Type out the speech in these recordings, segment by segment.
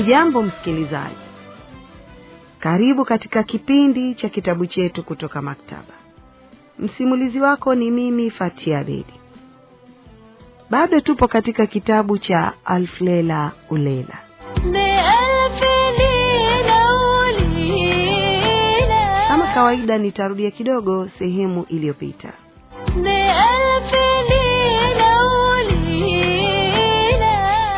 Ujambo msikilizaji, karibu katika kipindi cha kitabu chetu kutoka maktaba. Msimulizi wako ni mimi Fatia bedi Bado tupo katika kitabu cha alflela ulela Kama kawaida, nitarudia kidogo sehemu iliyopita.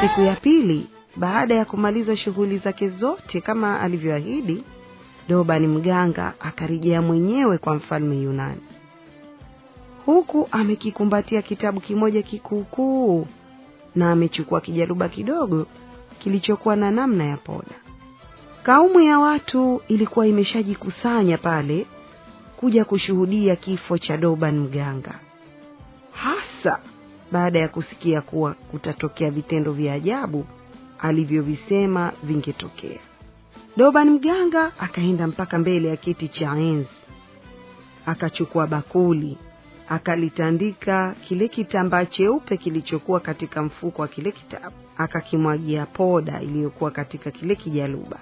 Siku ya pili baada ya kumaliza shughuli zake zote kama alivyoahidi, Dobani mganga akarejea mwenyewe kwa mfalme Yunani, huku amekikumbatia kitabu kimoja kikuukuu na amechukua kijaruba kidogo kilichokuwa na namna ya poda. Kaumu ya watu ilikuwa imeshajikusanya pale kuja kushuhudia kifo cha Doban mganga, hasa baada ya kusikia kuwa kutatokea vitendo vya ajabu alivyovisema vingetokea. Doban mganga akaenda mpaka mbele ya kiti cha enzi, akachukua bakuli, akalitandika kile kitambaa cheupe kilichokuwa katika mfuko wa kile kitabu, akakimwagia poda iliyokuwa katika kile kijaluba.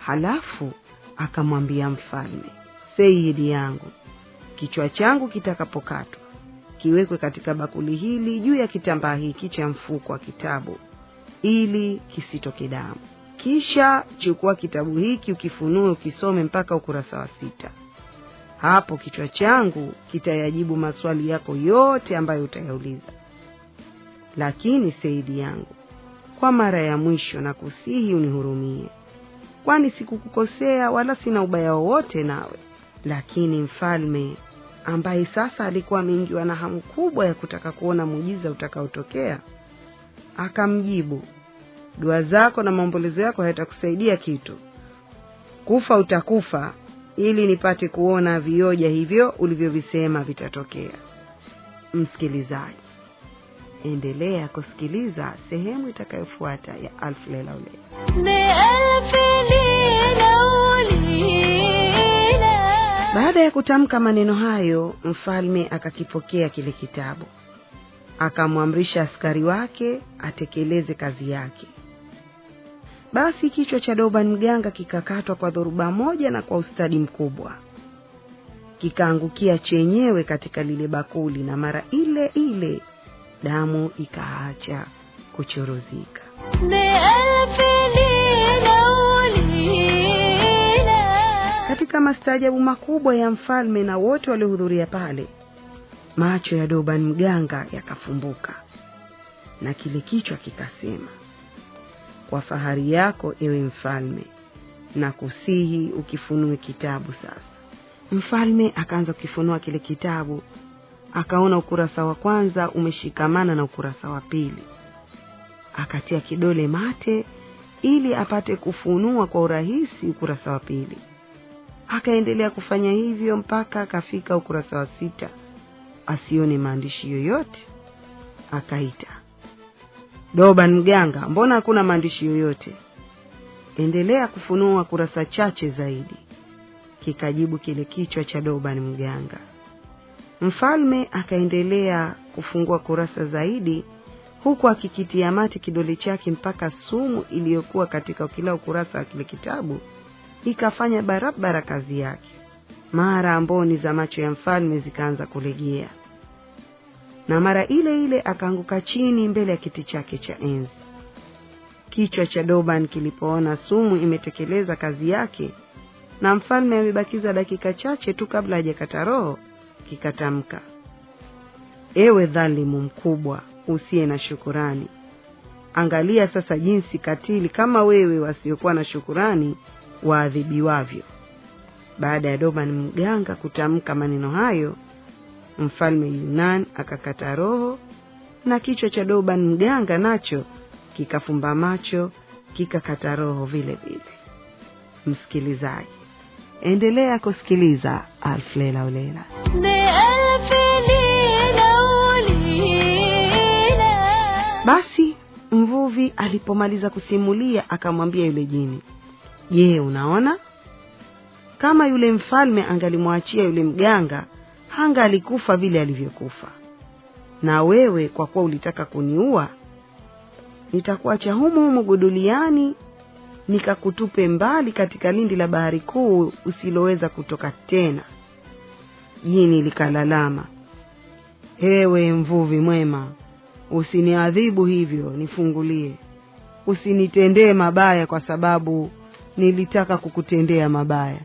Halafu akamwambia mfalme, Seyidi yangu, kichwa changu kitakapokatwa kiwekwe katika bakuli hili juu ya kitambaa hiki cha mfuko wa kitabu ili kisitoke damu. Kisha chukua kitabu hiki ukifunue, ukisome mpaka ukurasa wa sita. Hapo kichwa changu kitayajibu maswali yako yote ambayo utayauliza. Lakini seidi yangu, kwa mara ya mwisho nakusihi unihurumie, kwani sikukukosea wala sina ubaya wowote nawe. Lakini mfalme ambaye sasa alikuwa ameingiwa na hamu kubwa ya kutaka kuona muujiza utakaotokea Akamjibu, dua zako na maombolezo yako hayatakusaidia kitu, kufa utakufa, ili nipate kuona vioja hivyo ulivyovisema vitatokea. Msikilizaji, endelea kusikiliza sehemu itakayofuata ya Alfu Lela Ule. Baada ya kutamka maneno hayo, mfalme akakipokea kile kitabu akamwamrisha askari wake atekeleze kazi yake. Basi kichwa cha Doban mganga kikakatwa kwa dhoruba moja na kwa ustadi mkubwa, kikaangukia chenyewe katika lile bakuli, na mara ile ile damu ikaacha kuchuruzika. Katika mastaajabu makubwa ya mfalme na wote waliohudhuria pale Macho ya Doban mganga yakafumbuka na kile kichwa kikasema, kwa fahari yako ewe mfalme, na kusihi ukifunue kitabu sasa. Mfalme akaanza kukifunua kile kitabu, akaona ukurasa wa kwanza umeshikamana na ukurasa wa pili, akatia kidole mate ili apate kufunua kwa urahisi ukurasa wa pili. Akaendelea kufanya hivyo mpaka akafika ukurasa wa sita asione maandishi yoyote. Akaita, Doba mganga, mbona hakuna maandishi yoyote? Endelea kufunua kurasa chache zaidi. Kikajibu kile kichwa cha Doban mganga. Mfalme akaendelea kufungua kurasa zaidi huku akikitia mate kidole chake mpaka sumu iliyokuwa katika kila ukurasa wa kile kitabu ikafanya barabara kazi yake mara amboni za macho ya mfalme zikaanza kulegea, na mara ile ile akaanguka chini mbele ya kiti chake cha enzi. Kichwa cha Doban kilipoona sumu imetekeleza kazi yake na mfalme amebakiza dakika chache tu kabla hajakata roho, kikatamka: ewe dhalimu mkubwa usiye na shukurani, angalia sasa jinsi katili kama wewe wasiokuwa na shukurani waadhibiwavyo. Baada ya Doban mganga kutamka maneno hayo, mfalme Yunan akakata roho na kichwa cha Doban mganga nacho kikafumba macho kikakata roho vile vile. Msikilizaji, endelea kusikiliza Alfu Lela Basi mvuvi alipomaliza kusimulia akamwambia yule jini, je, unaona kama yule mfalme angalimwachia yule mganga, hanga alikufa vile alivyokufa. Na wewe kwa kuwa ulitaka kuniua, nitakuacha humo humo guduliani, nikakutupe mbali katika lindi la bahari kuu usiloweza kutoka tena. Jini likalalama, ewe mvuvi mwema, usiniadhibu hivyo, nifungulie, usinitendee mabaya, kwa sababu nilitaka kukutendea mabaya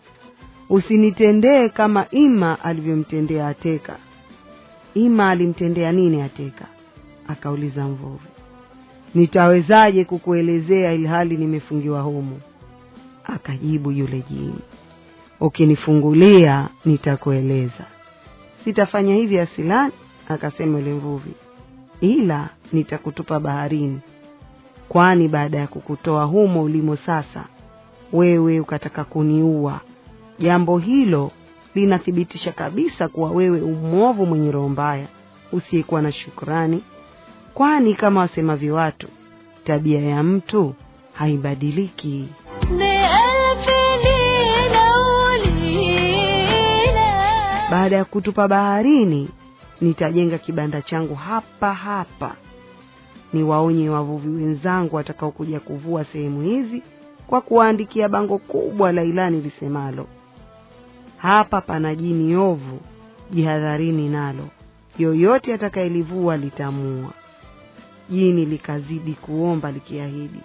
usinitendee kama Ima alivyomtendea Ateka. Ima alimtendea nini Ateka? akauliza mvuvi. Nitawezaje kukuelezea ilhali nimefungiwa humu? Akajibu yule jini, ukinifungulia nitakueleza. Sitafanya hivi asilani, akasema yule mvuvi, ila nitakutupa baharini, kwani baada ya kukutoa humo ulimo sasa, wewe ukataka kuniua Jambo hilo linathibitisha kabisa kuwa wewe umwovu mwenye roho mbaya usiyekuwa na shukrani, kwani kama wasemavyo watu, tabia ya mtu haibadiliki. Baada ya kutupa baharini, nitajenga kibanda changu hapa hapa. Niwaonye wavuvi wenzangu watakaokuja kuvua sehemu hizi kwa kuwaandikia bango kubwa la ilani lisemalo hapa pana jini ovu, jihadharini nalo, yoyote atakayelivua litamua. Jini likazidi kuomba likiahidi,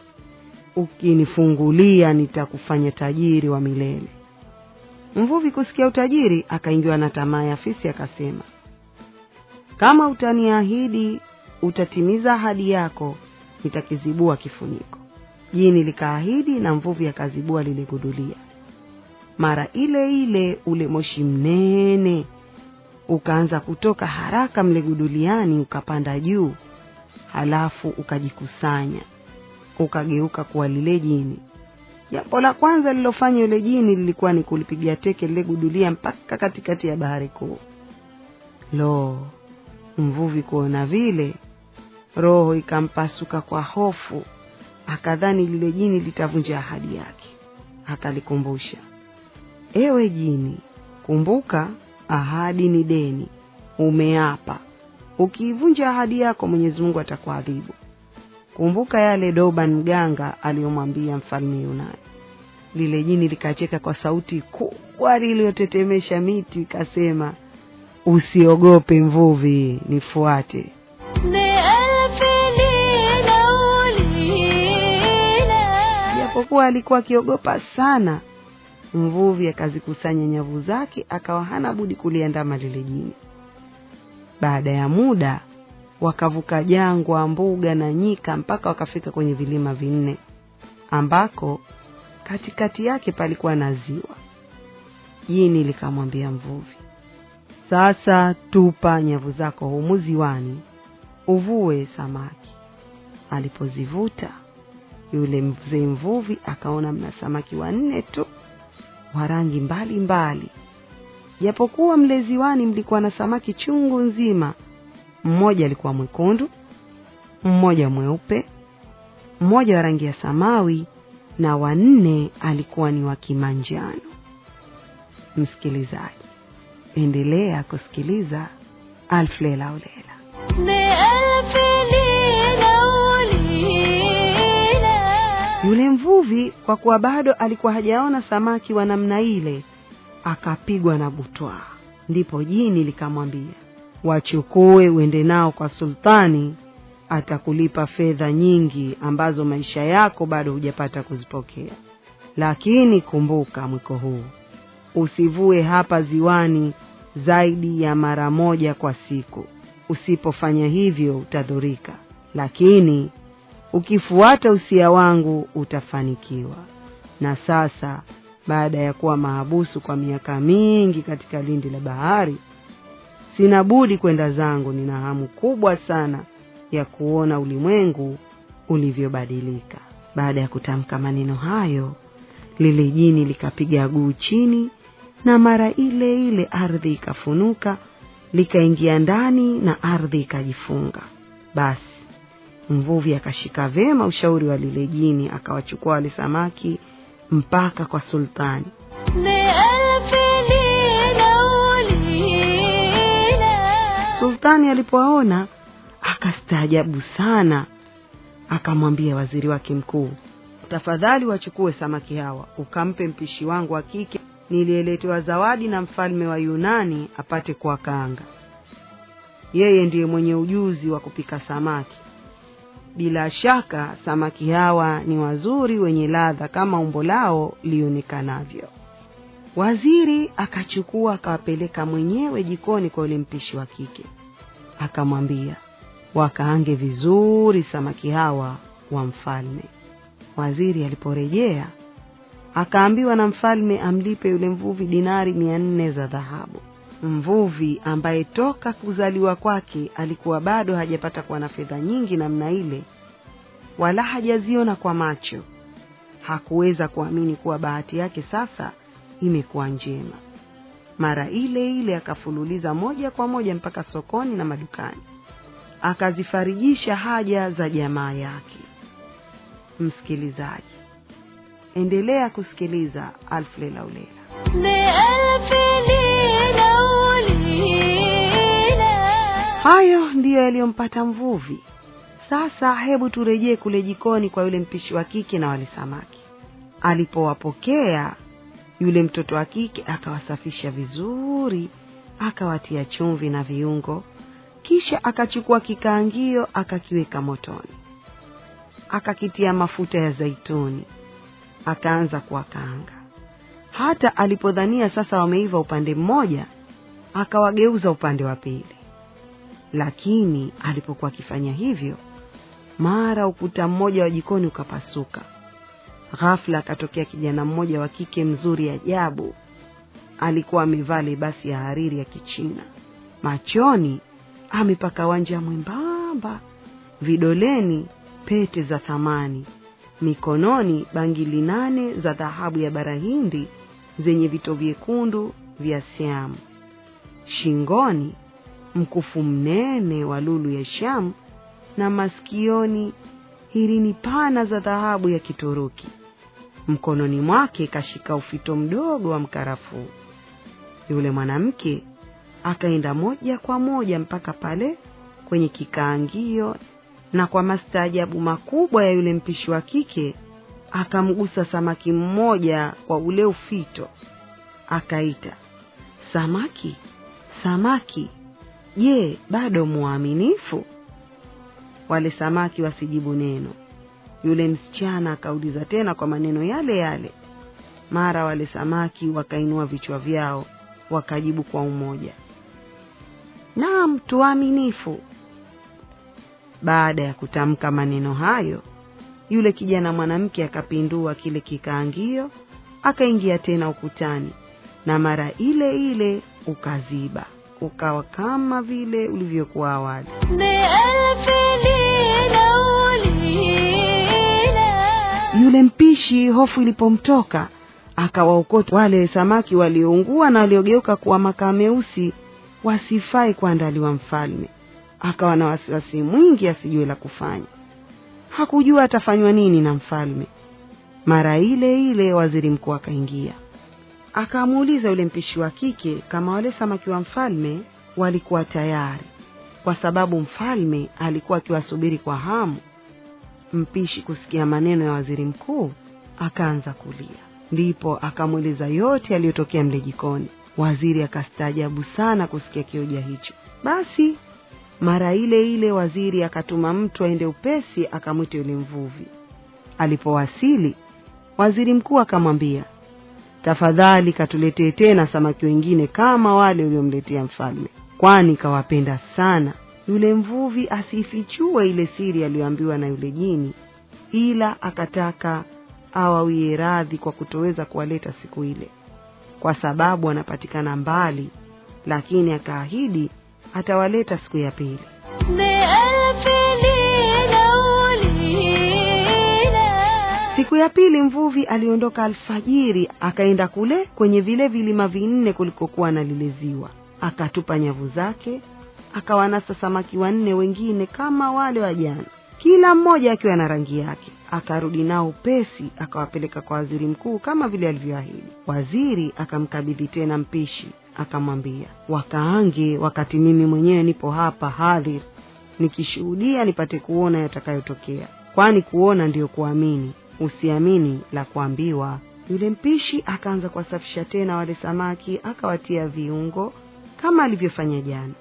ukinifungulia nitakufanya tajiri wa milele. Mvuvi kusikia utajiri akaingiwa na tamaa ya fisi, akasema, kama utaniahidi utatimiza ahadi yako, nitakizibua kifuniko. Jini likaahidi na mvuvi akazibua lile gudulia mara ile ile ule moshi mnene ukaanza kutoka haraka mle guduliani, ukapanda juu, halafu ukajikusanya, ukageuka kuwa lile jini. Jambo la kwanza lilofanya yule jini lilikuwa ni kulipigia teke lile gudulia mpaka katikati ya bahari kuu. Lo, mvuvi kuona vile, roho ikampasuka kwa hofu, akadhani lile jini litavunja ahadi yake. Akalikumbusha, Ewe jini, kumbuka ahadi ni deni, umeapa. Ukiivunja ahadi yako Mwenyezi Mungu atakuadhibu. Kumbuka yale Doban mganga aliyomwambia mfalme Yunai. Lile jini likacheka kwa sauti kubwa iliyotetemesha miti, kasema, usiogope mvuvi, nifuate. Japokuwa alikuwa akiogopa sana Mvuvi akazikusanya nyavu zake, akawa hana budi kuliandama lile jini. Baada ya muda wakavuka jangwa, mbuga na nyika mpaka wakafika kwenye vilima vinne, ambako katikati yake palikuwa na ziwa. Jini likamwambia mvuvi, sasa tupa nyavu zako humu ziwani uvue samaki. Alipozivuta yule mzee mvuvi akaona mna samaki wanne tu wa rangi mbalimbali. Japokuwa mlezi wani mlikuwa na samaki chungu nzima, mmoja alikuwa mwekundu, mmoja mweupe, mmoja wa rangi ya samawi na wanne alikuwa ni wa kimanjano. Msikilizaji, endelea kusikiliza Alfu Lela u Lela. mvuvi kwa kuwa bado alikuwa hajaona samaki wa namna ile akapigwa na butwa Ndipo jini likamwambia, wachukue uende nao kwa sultani, atakulipa fedha nyingi ambazo maisha yako bado hujapata kuzipokea. Lakini kumbuka mwiko huu, usivue hapa ziwani zaidi ya mara moja kwa siku. Usipofanya hivyo utadhurika, lakini ukifuata usia wangu utafanikiwa. Na sasa baada ya kuwa mahabusu kwa miaka mingi katika lindi la bahari, sina budi kwenda zangu. Nina hamu kubwa sana ya kuona ulimwengu ulivyobadilika. Baada ya kutamka maneno hayo, lile jini likapiga guu chini, na mara ile ile ardhi ikafunuka, likaingia ndani na ardhi ikajifunga. Basi Mvuvi akashika vema ushauri wa lile jini, akawachukua wale samaki mpaka kwa sultani. Sultani alipowaona akastaajabu sana, akamwambia waziri wake mkuu, tafadhali wachukue samaki hawa ukampe mpishi wangu wa kike niliyeletewa zawadi na mfalme wa Yunani apate kuwakaanga. Yeye ndiye mwenye ujuzi wa kupika samaki. Bila shaka samaki hawa ni wazuri wenye ladha kama umbo lao lionekanavyo. Waziri akachukua akawapeleka mwenyewe jikoni kwa yule mpishi wa kike, akamwambia wakaange vizuri samaki hawa wa mfalme. Waziri aliporejea akaambiwa na mfalme amlipe yule mvuvi dinari mia nne za dhahabu mvuvi ambaye toka kuzaliwa kwake alikuwa bado hajapata kuwa na fedha nyingi namna ile, wala hajaziona kwa macho, hakuweza kuamini kuwa bahati yake sasa imekuwa njema. Mara ile ile akafululiza moja kwa moja mpaka sokoni na madukani, akazifarijisha haja za jamaa yake. Msikilizaji, endelea kusikiliza Alfu Lela U Lela. Hayo ndiyo yaliyompata mvuvi. Sasa hebu turejee kule jikoni kwa yule mpishi wa kike na wale samaki. Alipowapokea yule mtoto wa kike akawasafisha vizuri, akawatia chumvi na viungo, kisha akachukua kikaangio akakiweka motoni, akakitia mafuta ya zaituni, akaanza kuwakaanga. Hata alipodhania sasa wameiva upande mmoja, akawageuza upande wa pili. Lakini alipokuwa akifanya hivyo, mara ukuta mmoja wa jikoni ukapasuka. Ghafla akatokea kijana mmoja wa kike mzuri ajabu. Alikuwa amevaa libasi ya hariri ya Kichina, machoni amepaka wanja mwembamba, vidoleni pete za thamani, mikononi bangili nane za dhahabu ya barahindi zenye vito vyekundu vya siamu, shingoni mkufu mnene wa lulu ya Sham na masikioni hirini pana za dhahabu ya Kituruki. Mkononi mwake kashika ufito mdogo wa mkarafuu. Yule mwanamke akaenda moja kwa moja mpaka pale kwenye kikaangio, na kwa mastaajabu makubwa ya yule mpishi wa kike akamgusa samaki mmoja kwa ule ufito, akaita samaki, samaki. Je, bado mwaminifu? Wale samaki wasijibu neno. Yule msichana akauliza tena kwa maneno yale yale. Mara wale samaki wakainua vichwa vyao wakajibu kwa umoja, naam, tuaminifu. Baada ya kutamka maneno hayo, yule kijana mwanamke akapindua kile kikaangio, akaingia tena ukutani, na mara ile ile ukaziba ukawa kama vile ulivyokuwa awali. Yule mpishi hofu ilipomtoka akawaokota wale samaki walioungua na waliogeuka kuwa makaa meusi, wasifai kuandaliwa mfalme. Akawa na wasiwasi mwingi, asijue la kufanya. Hakujua atafanywa nini na mfalme. Mara ile ile waziri mkuu akaingia. Akamuuliza yule mpishi wa kike kama wale samaki wa mfalme walikuwa tayari, kwa sababu mfalme alikuwa akiwasubiri kwa hamu. Mpishi kusikia maneno ya waziri mkuu akaanza kulia. Ndipo akamweleza yote yaliyotokea mle jikoni. Waziri akastaajabu sana kusikia kioja hicho. Basi mara ile ile waziri akatuma mtu aende upesi akamwita yule mvuvi. Alipowasili, waziri mkuu akamwambia, tafadhali katuletee tena samaki wengine kama wale uliomletea mfalme, kwani kawapenda sana. Yule mvuvi asifichue ile siri aliyoambiwa na yule jini, ila akataka awawie radhi kwa kutoweza kuwaleta siku ile, kwa sababu anapatikana mbali, lakini akaahidi atawaleta siku ya pili. Siku ya pili mvuvi aliondoka alfajiri akaenda kule kwenye vile vilima vinne kulikokuwa na lile ziwa, akatupa nyavu zake, akawanasa samaki wanne wengine kama wale wa jana, kila mmoja akiwa na rangi yake. Akarudi nao pesi, akawapeleka kwa waziri mkuu kama vile alivyoahidi. Waziri akamkabidhi tena mpishi, akamwambia wakaange, wakati mimi mwenyewe nipo hapa hadhir, nikishuhudia nipate kuona yatakayotokea, kwani kuona ndiyo kuamini. Usiamini la kuambiwa. Yule mpishi akaanza kuwasafisha tena wale samaki, akawatia viungo kama alivyofanya jana,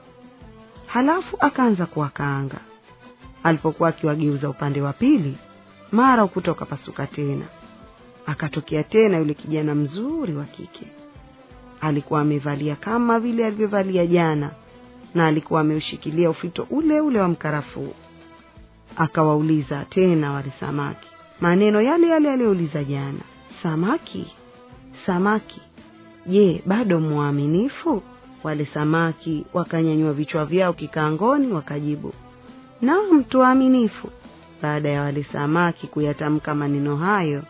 halafu akaanza kuwakaanga. Alipokuwa akiwageuza upande wa pili, mara ukuta ukapasuka tena, akatokea tena yule kijana mzuri wa kike. Alikuwa amevalia kama vile alivyovalia jana, na alikuwa ameushikilia ufito ule ule wa mkarafuu. Akawauliza tena wale samaki, maneno yale yale aliyouliza jana. Samaki, samaki, je, bado mwaminifu? Wale samaki wakanyanyua vichwa vyao kikangoni, wakajibu naam, tuaminifu. Baada ya wale samaki kuyatamka maneno hayo,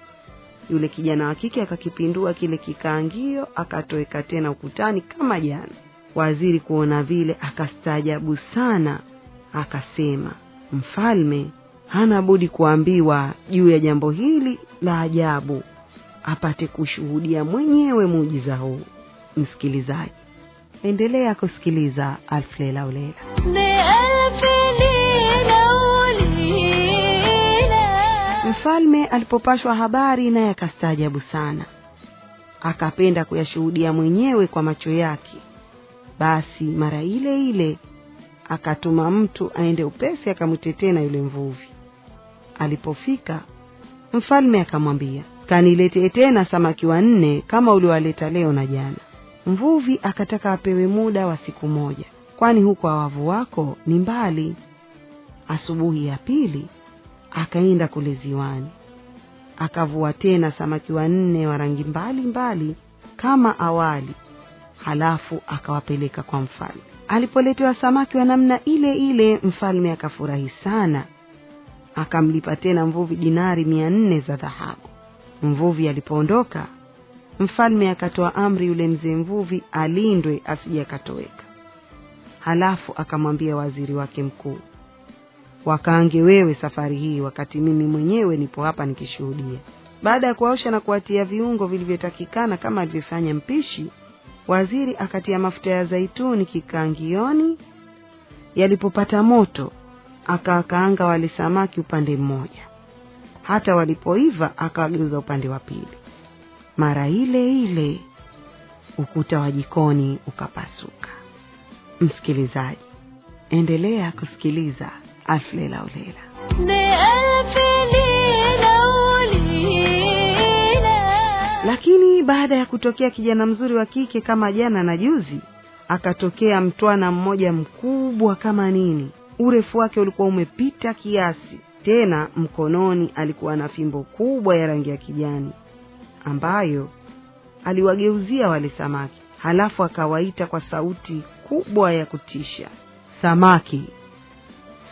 yule kijana wa kike akakipindua kile kikaangio, akatoweka tena ukutani kama jana. Waziri kuona vile akastaajabu sana, akasema, mfalme hana budi kuambiwa juu ya jambo hili la ajabu, apate kushuhudia mwenyewe muujiza huu. Msikilizaji, endelea kusikiliza Alfu Lela Mfalme alipopashwa habari, naye akastaajabu sana, akapenda kuyashuhudia mwenyewe kwa macho yake. Basi mara ile ile akatuma mtu aende upesi akamtetee na yule mvuvi Alipofika mfalme akamwambia, kaniletee tena samaki wanne kama uliowaleta leo na jana. Mvuvi akataka apewe muda wa siku moja, kwani huko awavu wako ni mbali. Asubuhi ya pili akaenda kule ziwani, akavua tena samaki wanne wa rangi mbalimbali kama awali, halafu akawapeleka kwa mfalme. Alipoletewa samaki wa namna ile ile, mfalme akafurahi sana, akamlipa tena mvuvi dinari mia nne za dhahabu. Mvuvi alipoondoka, mfalme akatoa amri yule mzee mvuvi alindwe asije akatoweka. Halafu akamwambia waziri wake mkuu, wakaange wewe safari hii, wakati mimi mwenyewe nipo hapa nikishuhudia. Baada ya kuwaosha na kuwatia viungo vilivyotakikana kama alivyofanya mpishi, waziri akatia mafuta ya zaituni kikangioni. Yalipopata moto akawakaanga wale samaki upande mmoja, hata walipoiva akawageuza upande wa pili. Mara ile ile ukuta wa jikoni ukapasuka. Msikilizaji, endelea kusikiliza Alfu Lakini baada ya kutokea kijana mzuri wa kike kama jana na juzi, akatokea mtwana mmoja mkubwa kama nini Urefu wake ulikuwa umepita kiasi, tena mkononi alikuwa na fimbo kubwa ya rangi ya kijani ambayo aliwageuzia wale samaki, halafu akawaita kwa sauti kubwa ya kutisha, samaki,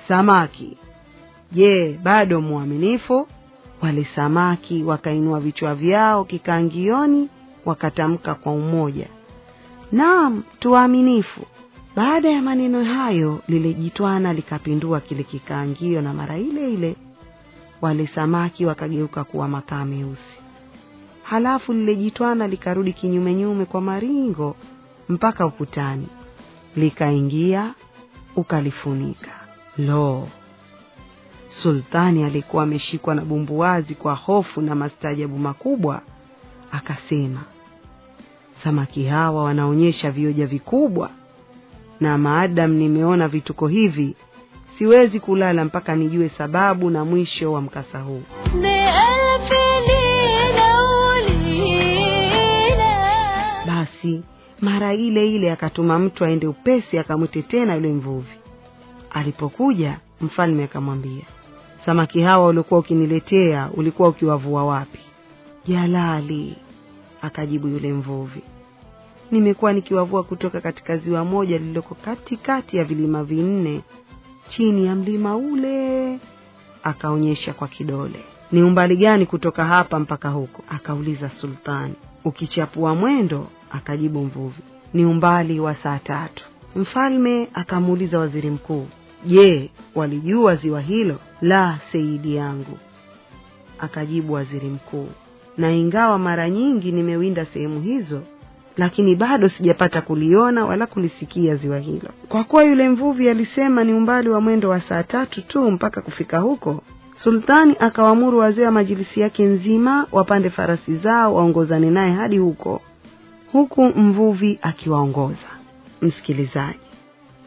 samaki, je, bado mwaminifu? Wale samaki wakainua vichwa vyao kikangioni, wakatamka kwa umoja, naam, tuaminifu. Baada ya maneno hayo, lile jitwana likapindua kile kikaangio, na mara ile ile wale samaki wakageuka kuwa makaa meusi. Halafu lile jitwana likarudi kinyumenyume kwa maringo mpaka ukutani, likaingia ukalifunika. Lo, Sultani alikuwa ameshikwa na bumbuwazi kwa hofu na mastajabu makubwa, akasema, samaki hawa wanaonyesha vioja vikubwa na maadamu nimeona vituko hivi, siwezi kulala mpaka nijue sababu na mwisho wa mkasa huu. Basi mara ile ile akatuma mtu aende upesi akamwite tena yule mvuvi. Alipokuja mfalme akamwambia, samaki hawa uliokuwa ukiniletea ulikuwa ukiwavua wapi? Jalali, akajibu yule mvuvi nimekuwa nikiwavua kutoka katika ziwa moja lililoko katikati ya vilima vinne chini ya mlima ule. Akaonyesha kwa kidole. Ni umbali gani kutoka hapa mpaka huko? akauliza Sultani. Ukichapua mwendo, akajibu mvuvi, ni umbali wa saa tatu. Mfalme akamuuliza waziri mkuu, je, walijua ziwa hilo? La, seidi yangu, akajibu waziri mkuu, na ingawa mara nyingi nimewinda sehemu hizo lakini bado sijapata kuliona wala kulisikia ziwa hilo. Kwa kuwa yule mvuvi alisema ni umbali wa mwendo wa saa tatu tu mpaka kufika huko, sultani akawaamuru wazee wa majilisi yake nzima wapande farasi zao waongozane naye hadi huko, huku mvuvi akiwaongoza. Msikilizaji,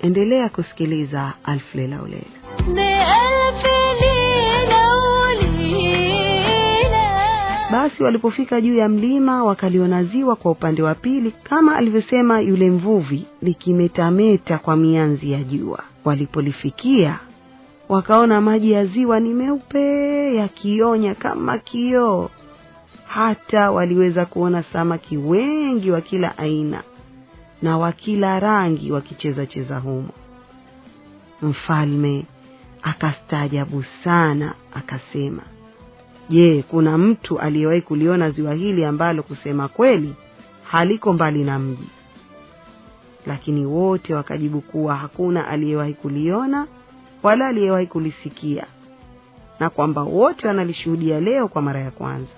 endelea kusikiliza Alfu Lela U Lela. Basi walipofika juu ya mlima wakaliona ziwa kwa upande wa pili, kama alivyosema yule mvuvi, likimetameta kwa mianzi ya jua. Walipolifikia wakaona maji ya ziwa ni meupe, yakionya kama kioo. Hata waliweza kuona samaki wengi wa kila aina na wa kila rangi wakicheza cheza humo. Mfalme akastaajabu sana, akasema Je, kuna mtu aliyewahi kuliona ziwa hili ambalo kusema kweli haliko mbali na mji? Lakini wote wakajibu kuwa hakuna aliyewahi kuliona wala aliyewahi kulisikia, na kwamba wote wanalishuhudia leo kwa mara ya kwanza.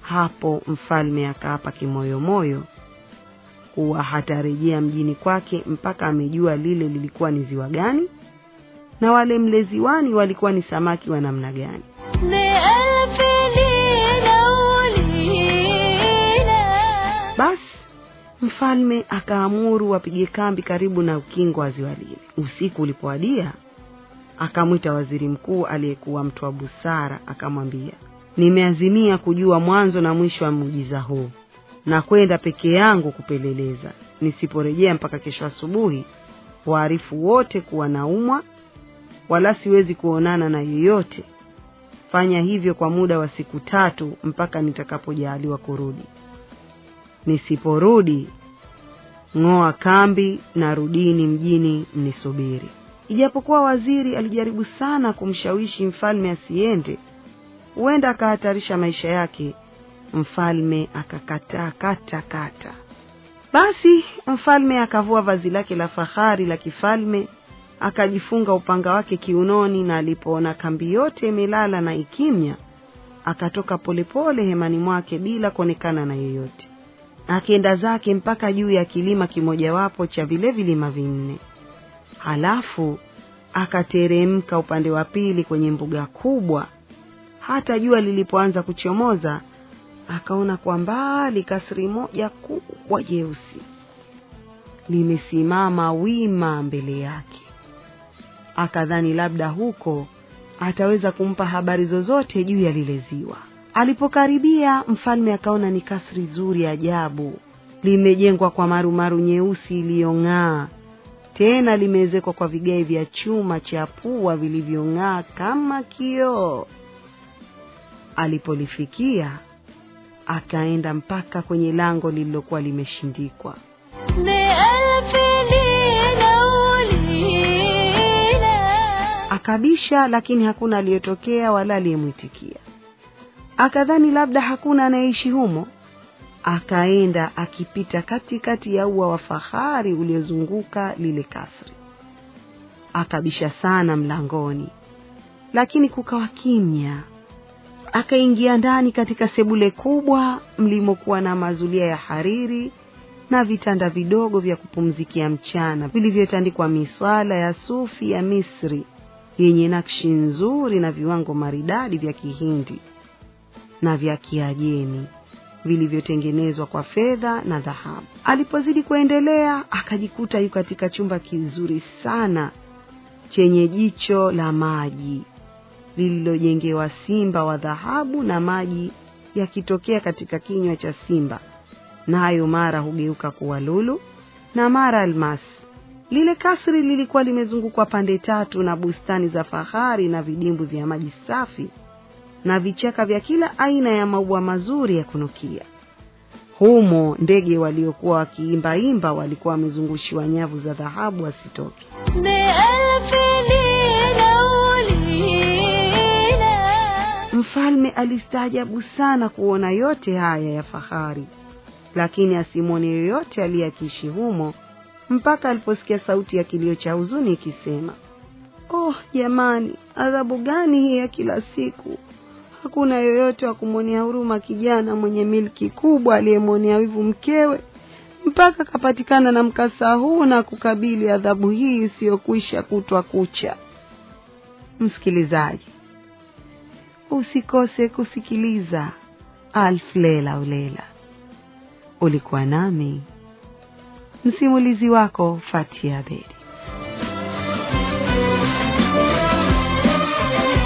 Hapo mfalme akaapa kimoyomoyo kuwa hatarejea mjini kwake mpaka amejua lile lilikuwa ni ziwa gani na wale mleziwani walikuwa ni samaki wa namna gani. Basi mfalme akaamuru wapige kambi karibu na ukingo wa ziwa lile. Usiku ulipowadia, akamwita waziri mkuu aliyekuwa mtu wa busara, akamwambia, nimeazimia kujua mwanzo na mwisho wa muujiza huu na kwenda peke yangu kupeleleza. Nisiporejea mpaka kesho asubuhi, waarifu wote kuwa naumwa, wala siwezi kuonana na yeyote Fanya hivyo kwa muda wa siku tatu mpaka nitakapojaaliwa kurudi. Nisiporudi, ng'oa kambi na rudini mjini mnisubiri. Ijapokuwa waziri alijaribu sana kumshawishi mfalme asiende, huenda akahatarisha maisha yake, mfalme akakataa kata kata. Basi mfalme akavua vazi lake la fahari la kifalme akajifunga upanga wake kiunoni, na alipoona kambi yote imelala na ikimya, akatoka polepole hemani mwake bila kuonekana na yeyote, akienda zake mpaka juu ya kilima kimojawapo cha vile vilima vinne. Halafu akateremka upande wa pili kwenye mbuga kubwa. Hata jua lilipoanza kuchomoza, akaona kwa mbali kasri moja kubwa jeusi limesimama wima mbele yake akadhani labda huko ataweza kumpa habari zozote juu ya lile ziwa. Alipokaribia, mfalme akaona ni kasri zuri ajabu, limejengwa kwa marumaru nyeusi iliyong'aa, tena limeezekwa kwa vigae vya chuma cha pua vilivyong'aa kama kioo. Alipolifikia akaenda mpaka kwenye lango lililokuwa limeshindikwa. Akabisha, lakini hakuna aliyetokea wala aliyemwitikia. Akadhani labda hakuna anayeishi humo. Akaenda akipita katikati ya ua wa fahari uliozunguka lile kasri. Akabisha sana mlangoni, lakini kukawa kimya. Akaingia ndani katika sebule kubwa mlimokuwa na mazulia ya hariri na vitanda vidogo vya kupumzikia mchana vilivyotandikwa miswala ya sufi ya Misri yenye nakshi nzuri na viwango maridadi vya Kihindi na vya Kiajemi vilivyotengenezwa kwa fedha na dhahabu. Alipozidi kuendelea, akajikuta yu katika chumba kizuri sana chenye jicho la maji lililojengewa simba wa dhahabu na maji yakitokea katika kinywa cha simba, nayo na mara hugeuka kuwa lulu na mara almasi lile kasri lilikuwa limezungukwa pande tatu na bustani za fahari na vidimbu vya maji safi na vichaka vya kila aina ya maua mazuri ya kunukia. Humo ndege waliokuwa wakiimbaimba walikuwa wamezungushiwa nyavu za dhahabu wasitoke. Mfalme alistaajabu sana kuona yote haya ya fahari, lakini asimwone yoyote aliyeakiishi humo mpaka aliposikia sauti ya kilio cha huzuni ikisema, oh jamani, adhabu gani hii ya kila siku! Hakuna yoyote wa kumwonea huruma kijana mwenye milki kubwa aliyemwonea wivu mkewe mpaka akapatikana na mkasa huu na kukabili adhabu hii isiyokwisha kutwa kucha. Msikilizaji, usikose kusikiliza Alfu Lela U Lela. Ulikuwa nami Msimulizi wako Fatia Bedi.